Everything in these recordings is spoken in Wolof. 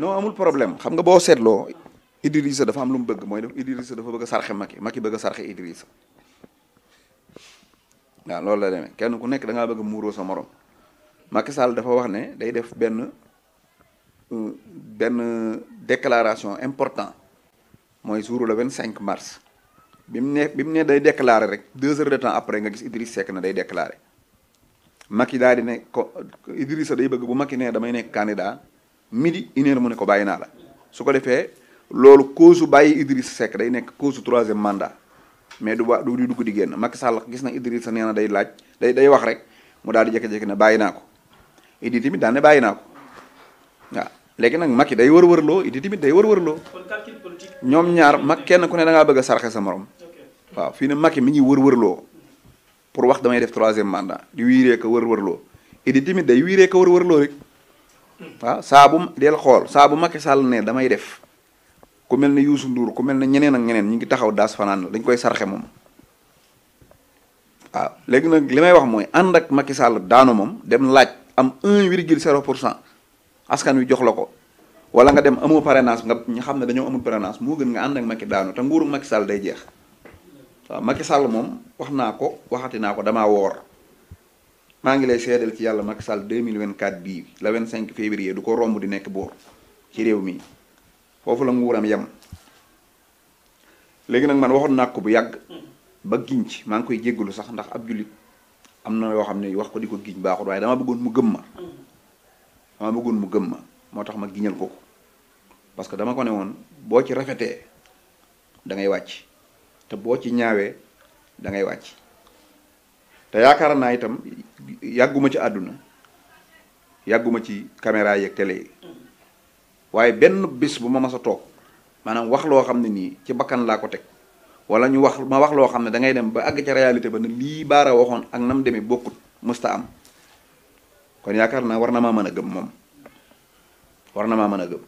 non amul problème xam nga boo seetloo Idrissa dafa am lu mu bëgg mooy def Idrissa dafa bëgg a sarxe Macky Macky bëgg a sarxe Idrissa waaw loolu la demee kenn ku nekk da ngaa bëgg a muuroo sa morom Macky Sall dafa wax ne day def benn euh, benn déclaration important mooy jour le vingt cinq mars bi mu ne bi mu ne day déclarer rek deux heures de temps après nga gis Idriss seek na day déclarer Macky daal di ne ko day bëgg bu Macky nee damay nekk candidat midi une mu ne ko bàyyi naa la su ko defee loolu cause bàyyi Idriss Seck day nekk cause troisième mandat mais du ba du dugg di génn Macky Sall gis na Idriss nee na day laaj day day wax rek mu daal di jekk jékki ne bàyyi naa ko Idi timit daan ne bàyyi naa ko waaw léegi nag Macky day war wër loo Idi tamit day wër-wër loo ñoom ñaar mag kenn ku ne da ngaa bëgg a sa morom waaw fii ne Macky mi ngi wër-wër pour wax damay def troisième mandat di wiiree ko wër-wër loo Idi tamit day wiiree ko rek. waaw saa del xool saa bu Sall ne damay def ku mel ne Youssou Ndour ku mel ne ñeneen ak ñeneen ñu ngi taxaw daas fanaan dañ koy sarxe moom waaw léegi nag li may wax mooy ànd ak Macky Sall daanu moom dem laaj am un virgule zéro pour cent askan wi jox la ko wala nga dem amoo parrainage nga ñu xam ne dañoo amul parrainage moo gën nga ànd maki daanu te nguuru Macky Sall day jeex waaw Macky moom wax naa ko waxatinaa ko damaa woor maa ngi lay seedal ci yàlla Macky Sall 2024 bii la 25 février du ko romb di nekk boor ci réew mi foofu la nguuram yem léegi nag man waxoon naa ko bu yàgg ba giñ ci maa ngi koy jéggalu sax ndax ab jullit am na yoo xam ne wax ko di ko giñ baaxul waaye dama bëggoon mu gëm ma dama bëggoon mu gëm ma moo tax ma giñal ko ko parce que dama ko ne woon boo ci rafetee dangay ngay wàcc te boo ci ñaawee da ngay wàcc te yaakaar naa itam yàgguma ci àdduna yàgguma ci caméra yeeg télé yi waaye benn bis bu ma mas a toog maanaam wax loo xam ne nii ci bakkan laa ko teg wala ñu wax ma wax loo xam ne da ngay dem ba àgg ca réalité ba ne lii baara waxoon ak nam demee bokkut musta am kon yaakaar naa war na maa mën a gëm moom war na maa mën a gëm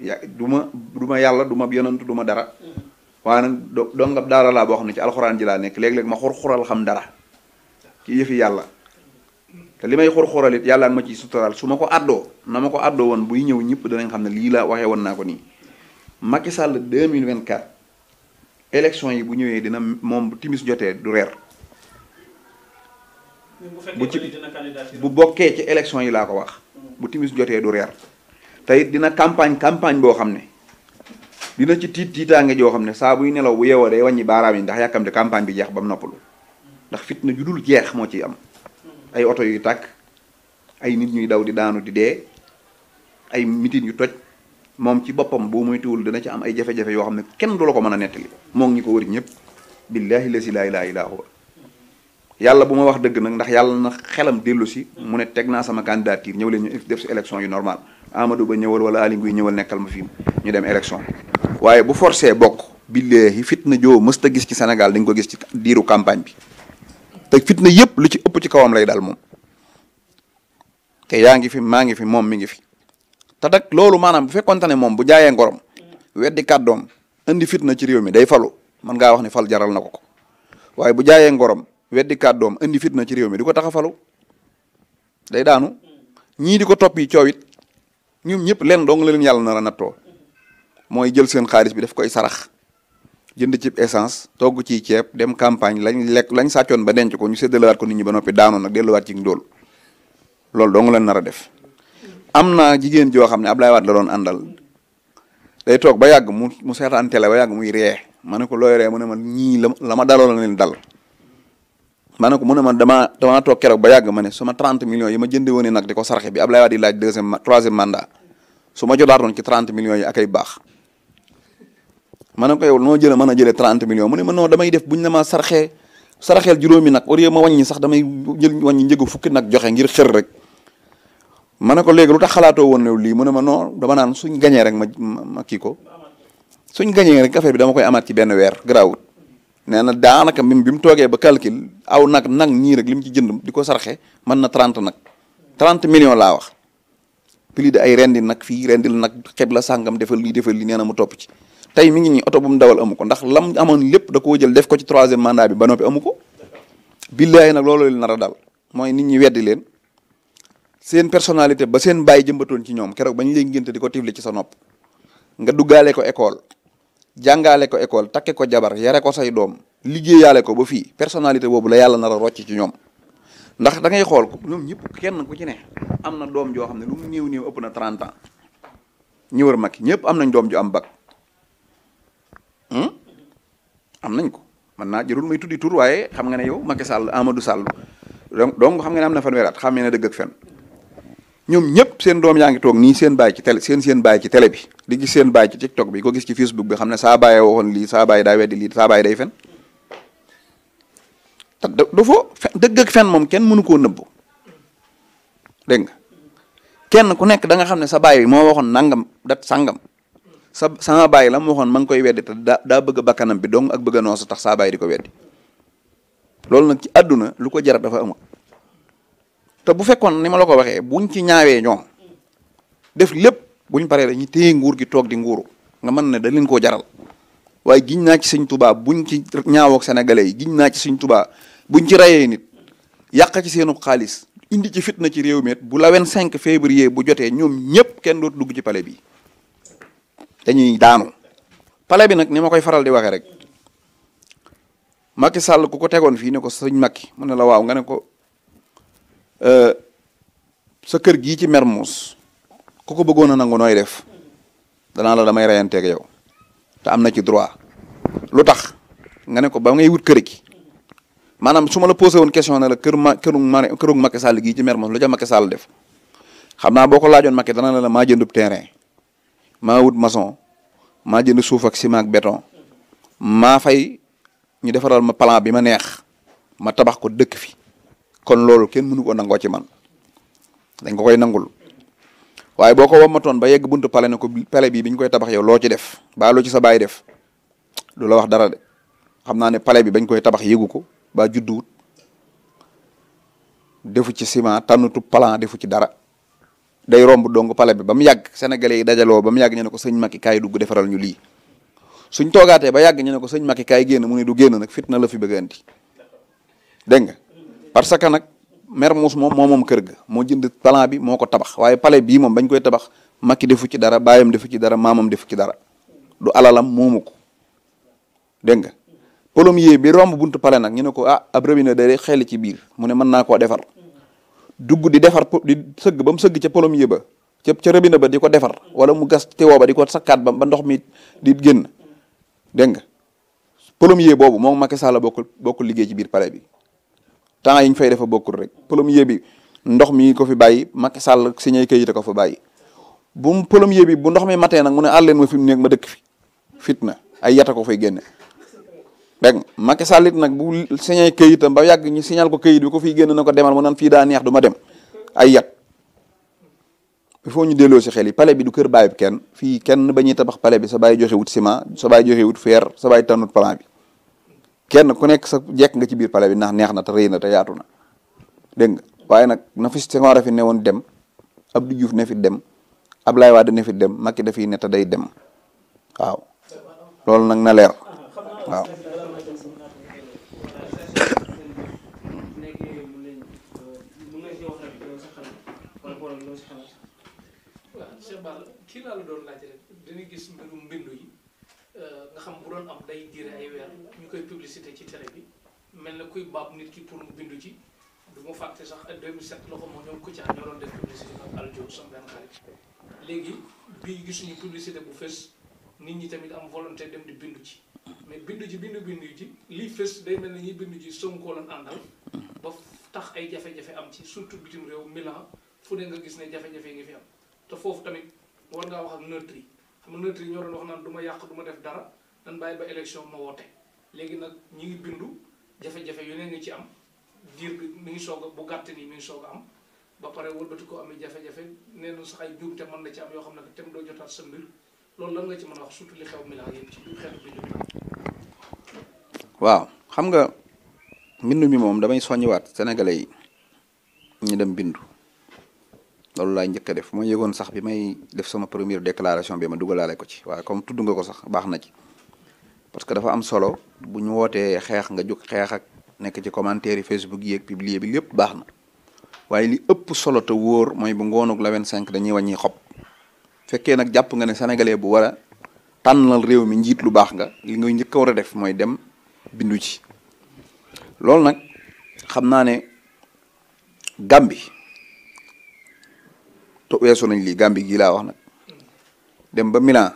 ya du ma du ma yàlla du ma yonant du ma dara mm-hmm. waaye nag do dongab daara laa boo xam ne ci alxuraan ji laa nekk léeg-léeg ma xurxural xam dara ci yëfi yàlla te li may xor-xoral yàllaa yàlla ma ci suturaal su ma ko àddoo na ma ko àddoo woon buy ñëw ñëpp danañ xam ne lii laa waxee woon naa ko nii mille Sall 2024 élection yi bu ñëwee dina moom bu timis jotee du reer bu ci bu bokkee ci élection yi laa ko wax bu timis jotee du reer te dina campagne campagne boo xam ne dina ci tiit tiitaange joo xam ne saa buy nelaw bu yeewoo day wàññi baaraam yi ndax yàkkamte campagne bi jeex ba mu noppalu ndax fitna ju dul jeex moo ciy am hmm. ay oto yuy tàkk ay nit ñuy daw di daanu di dee ay mitin yu toj moom ci boppam boo moytuwul dina ci am ay jafe-jafe yoo xam ne kenn du la ko mën a nettali moo ngi ñu ko wër ñëpp billaahi lasi laa ilaaha illaa huwa yàlla bu ma wax dëgg nag ndax yàlla na xelam dellu si mu ne teg naa sama candidature ñëw leen ñu def si élection yu normal amado Ba ñëwal wala Aly Ngouille ñëwal nekkal ma fii ñu dem élection waaye bu forcé bokk billaahi fitna joo mës ta gis ci Sénégal dañ ko gis ci diiru campagne bi te fitna yëpp lu ci ëpp ci kawam lay daal moom te yaa ngi fi maa ngi fi moom mi ngi fi te nag loolu maanaam bu fekkonte ne moom bu jaayee ngorom weddi doom indi fitna ci réew mi day falu man ngaa wax ne fal jaral na ko ko waaye bu jaayee ngorom weddi kàddoom indi fitna ci réew mi di ko tax a falu day daanu ñii di ko topp yi coow it ñëpp leen dong la leen yàlla nar a mooy jël seen xaalis bi daf koy sarax jënd ci essence toog ci ceeb dem campagne lañ lekk lañ sàccoon ba denc ko ñu séddalewaat ko nit ñi ba noppi daanoon nag delluwaat ci ndóol loolu dong leen nar a def am na jigéen joo xam ne ab lay waat la doon àndal day toog ba yàgg mu mu seetaan télé ba yàgg muy ree ma ne ko looy ree mu ne ma ñii la la ma daloo la leen dal ma ne ko mu ne ma damaa damaa ke keroog ba yàgg ma ne sama 30 millions yi ma jënde woon nag di ko sarxe bi Ablaye Wade di laaj deuxième troisième mandat ma jotaatoon ci 30 millions yi akay baax ma ne ko yow noo jëlee mën a jëlee 30 millions ne ma non damay def buñ ne ma sarxee saraxeel juróomi nag au lieu ma wàññi sax damay jël wàññi njëgu fukki nag joxe ngir xër rek ma ne ko léegi lu tax xalaatoo woon ne lii mu ne ma non dama naan suñ gañee rek ma ma kii ko suñ gañee rek affaire dama koy amaat ci benn weer garaawut nee na daanaka bi mu toogee ba calcul aw nag nag ñii rek li mu ci jënd di ko sarxe mën na 30 nag 30 million laa wax plus de ay rendi nag fii rendil nag xeb la sàngam defal lii defal lii nee na mu topp ci tey mi ngi nii oto bu mu dawal amu ko ndax lam amoon lépp da koo jël def ko ci troisième mandat bi ba noppi amu ko billaay nag looloo leen nar a dal mooy nit ñi weddi leen seen personalité ba seen bàyyi jëmbatoon ci ñoom keroog ba ñu lay ngénte di ko tifli ci sa nopp nga duggaale ko école jàngaale ko école takke ko jabar yare ko say doom liggéeyaale ko ba fii personnalité boobu la yàlla nar a rocc ci ñoom ndax dangay xool ko ñoom ñëpp kenn ku ci ne am na doom joo xam ne lu mu néew néew ëpp na 30 ans ñi mag ñëpp am nañ doom ju am bag Hmm? am nañ ko man naa jërul may tuddi tur waaye xam nga ne yow Macky Sall Amadou Sall donc donc xam nga ne am na fanweeri at xam ne dëgg ak fen ñoom ñëpp seen doom yaa ngi toog nii seen baay ci télé seen seen baay ci télé bi di gis seen baay ci TikTok bi ko gis ci Facebook bi xam ne saa baay waxoon lii saa baay daa saa baay day fen te da fen moom kenn mënu koo nëbbu dégg nga kenn ku nekk da nga xam ne sa baay moo waxoon nangam dat sangam sa sama bàyyi la mu waxoon ma ngi koy weddi te daa daa bëgg bakkanam bi dong ak bëgg a noosu tax saa di ko weddi loolu nag ci àdduna lu ko jar dafa amul te bu fekkoon ni ma la ko waxee buñ ci ñaawee ñoom def lépp buñ paree dañuy téye nguur gi toog di nguuru nga mën ne da leen koo jaral waaye giñ naa ci sëñ tubaa buñ ci ñaawoo ak yi giñ naa ci sëñ tubaa buñ ci reyee nit yàq ci seenu xaalis indi ci fitna ci réew mi bu la cinq février bu jotee ñoom ñëpp kenn dootu dugg ci pale bi. dañuy daanu pale bi nag ni ma koy faral di waxe rek Macky Sall ku ko tegoon fii ne ko sëñ Macky mu ne la waaw nga ne ko euh, sa kër gii ci meer ku ko bëggoon a nangu nooy def danaa la damay reyanteeg yow te am na ci droit lu tax nga ne ko ba ngay wut kër gi maanaam su ma la posé woon question ne la kër ma këru ma këru Macky Sall gii ci Mermoz lu ca Macky Sall def xam naa boo ko laajoon Macky dana la la maa jëndub terrain. maa wut maçon maa jënd suuf ak ciment ak béton maa fay ñu defaral ma plan bi ma neex ma tabax ko dëkk fi kon loolu kenn mënu ko nangoo ci man dañ ko koy nangul waaye boo ko wamatoon ba yegg buntu pale ne ko pale bii bi ñu koy tabax yow loo ci def baa loo ci sa baay def du wax dara de xam naa ne pale bi bañ koy tabax yëgu ko baa judduwut defu ci ciment tànnatu plan defu ci dara day romb dong pale bi ba mu yàgg sénégalais yi dajaloo ba mu yàgg ñu ne ko sëñ Macky kaay dugg defaral ñu lii suñ toogaatee ba yàgg ñu ne ko sëñ Macky kaay génn mu du génn nag fitna la fi bëgg andi dégg nga parce que nag Mermoz moom moo moom kër ga moo jënd plan bi moo ko tabax waaye pale bii moom bañ koy tabax Macky defu ci dara baayam defu ci dara maamam defu ci dara du alalam moomu ko dégg nga polom yee bi romb buntu pale nag ñu ne ko ah ab robinet day xel ci biir mu ne mën naa koo defar dugg di defar di sëgg ba mu sëgg ca plombier ba ca ca robinet ba di ko defar wala mu gas teewoo ba di ko sakkaat ba ba ndox mi di génn dégg nga plombier boobu moom Macky Sall bokkul bokkul liggéey ci biir pare bi temps yi ñu fay defa bokkul rek plombier bi ndox mi ko fi bàyyi Macky Sall signé kayit ko fa bàyyi bu mu plombier bi bu ndox mi matee nag mu ne àll leen ma fi mu nekk ma dëkk fi fitna ay yata ko fay génne dégg nga Macky nag bu signé këyitam ba yàgg ñu signal ko kayit bi ko fii génn na ko demal mu naan fii daa neex du ma dem ay yat il faut ñu delloo si xel yi palais bi du kër bàyyi kenn fii kenn ba ñuy tabax palais bi sa bàyyi joxe wut sima sa bàyyi joxe wut fer sa bàyyi tànnut bi kenn ku nekk sa jekk nga ci biir pale bi nax neex na te rëy na te yaatu na dégg nga waaye nag na fi Senghor a fi newoon dem Abdou Diouf ne fi dem Ablaye Wade ne fi dem maki dafiy ne te day dem waaw loolu nag na leer. waaw. waaw Cheikh Balla kii laa la doon laaj dañuy gis mbirum mbindu yi euh, nga xam bu doon am day diire ay weer ñu koy publicité ci télé bi mel na kuy baab nit ki pour mu bindu ci du ma fàtte sax ak euh, 2007 la ko moom ñoom Kouthia ñoo doon def publicité ak léegi bii gisuñu publicité bu fës. nit ñi tamit am volonté dem di bindu ci mais bindu ji bindu bindu ji lii fës day mel na ñuy bindu ji Sonko lan àndal ba tax ay jafe-jafe am ci surtout bitim réew Milan fu ne nga gis ne jafe-jafe ngi fi te foofu tamit war ngaa wax ak neutre yi xam nga neutre yi ñoo doon wax ma yàq du ma def dara dañ bàyyi ba élection ma woote léegi nag ñi ngi bindu jafe-jafe yu ne nga ci am diir bi mi ngi soog a bu gàtt nii mi ngi soog am ba pare wëlbati ko amee jafe-jafe nee na sax ay te man na ci am yoo xam ne tam doo jotaat sa mbir loolu lan nga waaw xam nga mbindu mi moom damay soññiwaat sénégalais yi ñu dem bindu loolu laay njëkk a def moo yëgoon sax bi may def sama première déclaration bi ma dugalaale ko ci waaye comme tudd nga ko sax baax na ci parce que dafa am solo bu ñu wootee xeex nga jóg xeex ak nekk ci commentaire yi Facebook yi ak publier bi lépp baax na waaye li ëpp solo te wóor mooy bu ngoonuk la 25 dañuy wàññi xob. fekkee nag jàpp nga ne sénégalais bu war a tànnal réew mi njiit lu baax nga li ngay njëkk a war a def mooy dem bindu ci loolu nag xam naa ne Gàmbi to weesu nañ lii Gàmbi gii laa wax nag dem ba Milan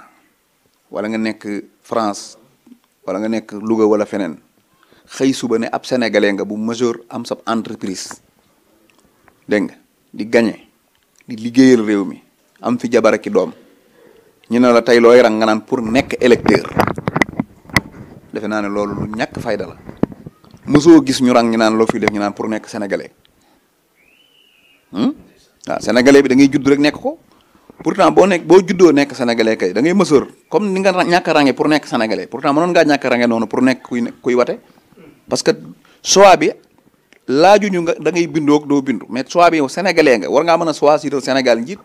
wala nga nekk France walla nga nekk Louga wala feneen xëy suba ne ab sénégalais nga bu majeur am sab entreprise dégg nga di gagné di liggéeyal réew mi am fi jabar ak doom ñu ne la tey looy rang nga naan pour nekk électeur defe naa ne loolu lu ñàkk fayda la mosoo gis ñu rang ñu naan loo fi def ñu naan pour nekk sénégalais waaw hmm? ah, sénégalais bi da judd rek nekk ko pourtant boo nekk boo juddoo nekk sénégalais kay dangay ngay mësër comme ni nga ñàkk a pour nekk sénégalais pourtant mënoon ngaa ñàkk a rangé noonu pour nekk kuy kuy wate parce que choix bi laajuñu nga da ngay bindoo doo bindu mais choix bi yow sénégalais nga war ngaa mën a choisir Sénégal njiit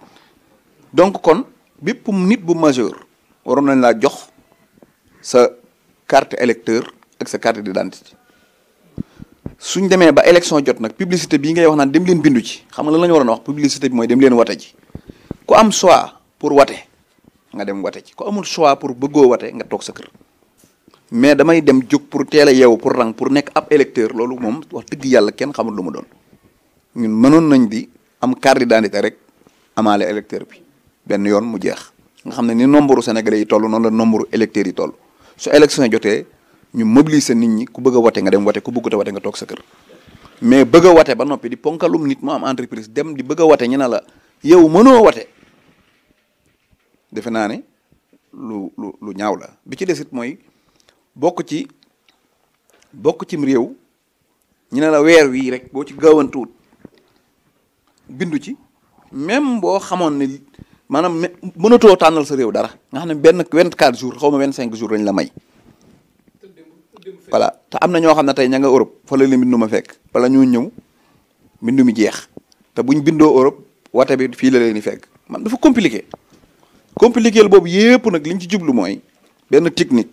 donc kon bépp nit bu majeur waroon nañ laa jox sa carte électeur ak sa carte d'identité suñ demee ba élection jot nag publicité bi ngay wax naan dem leen bindu ci xam nga lan la ñu waroon wax publicité bi mooy dem leen wate ji ku am choix pour wate nga dem wate ji ku amul choix pour bëggoo wate nga toog sa kër mais damay dem jóg pour teel a yeewu pour rang pour nekk ab électeur loolu moom wax dëgg yàlla kenn xamul lu mu doon ñun mënoon nañ di am carte d'identité rek amaale électeur bi benn yoon mu jeex nga xam ne ni nombre sénégalais yi toll noonu la nombre électeurs yi toll su élection jotee ñu mobiliser nit ñi ku bëgg a wate nga dem wate ku bëggut a wate nga toog sa kër mais bëgg a wate ba noppi di ponkalum nit mu am entreprise dem di bëgg a wate ñu ne yow mënoo wate defe naa ne lu lu lu ñaaw la bi ci desit mooy bokk ci bokk cim réew ñu ne la weer wii rek boo ci gaawantuwut bindu ci même boo xamoon ne maanaam mënatoo tànnal sa réew dara na xam ne benn vingt quatre jours xaw ma vingt cinq jours lañ la may voilà te am na ñoo xam ne tey ña nga Europe fa la li mbindu ma fekk bala ñu ñëw mbindu mi jeex te buñ bindoo Europe wate bi fii la leen di fekk man dafa compliqué compliqué boobu yépp nag liñ ci jublu mooy benn technique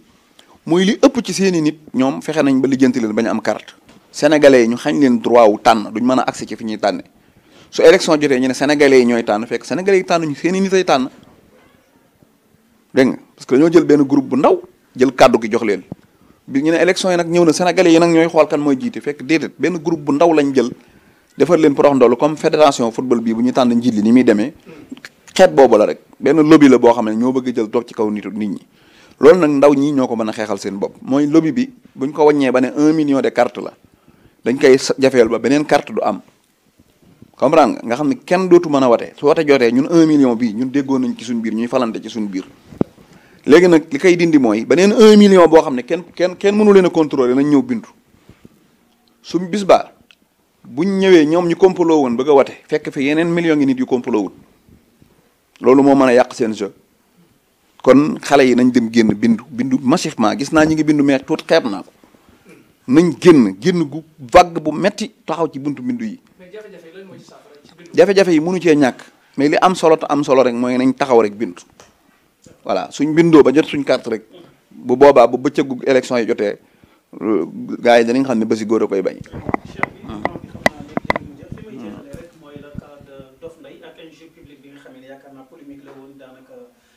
mooy li ëpp ci seeni nit ñoom fexe nañ ba lijjanti leen ba am carte sénégalais yi ñu xañ leen trois wu tànn duñ mën a accès ci fi ñuy tànne su élection jotee ñu ne sénégalais yi ñooy tànn fekk sénégalais yi tànn ñu seen i nit ay tànn dégg parce que dañoo jël benn groupe bu ndaw jël kàddu gi jox leen bi ñu ne élection yi nag ñëw na sénégalais yi nag ñooy xool kan mooy jiite fekk déedéet benn groupe bu ndaw lañ jël defar leen pour wax ndoolu comme fédération football bii bu ñu tànn njiit li ni muy demee xeet boobu la rek benn lobby la boo xam ne ñoo bëgg jël toog ci kaw nit nit ñi loolu nag ndaw ñi ñoo ko mën a xeexal seen bopp mooy lobby bi buñ ko wàññee ba ne un million de carte la dañ koy jafeel ba beneen carte du am comprendre nga nga xam ne kenn dootu mën a watee su wate jotee ñun un million bii ñun déggoon nañ ci suñu biir ñuy falante ci suñu biir léegi nag li koy dindi mooy beneen un million boo xam ne kenn kenn kenn mënu leen a contrôler nañ ñëw bindu suñu bis baa buñ ñëwee ñoom ñu complot woon bëgg a wate fekk fi yeneen million ngi nit yu complot wut loolu moo mën a yàq seen jeu kon xale yi nañ dem génn bindu bindu massivement gis naa ñi ngi bindu mais tuut xeeb naa nañ génn génn gu vague bu metti taxaw ci buntu bindu yi jafe-jafe yi mënu ce ñàkk mais li am solo te am solo rek mooy nañ taxaw rek bindu voilà suñ bindoo ba jot suñ carte rek bu booba bu bëccëgu élection yi jotee gars yi danañ xam ne Basi Góor a koy bañ. mooy mmh.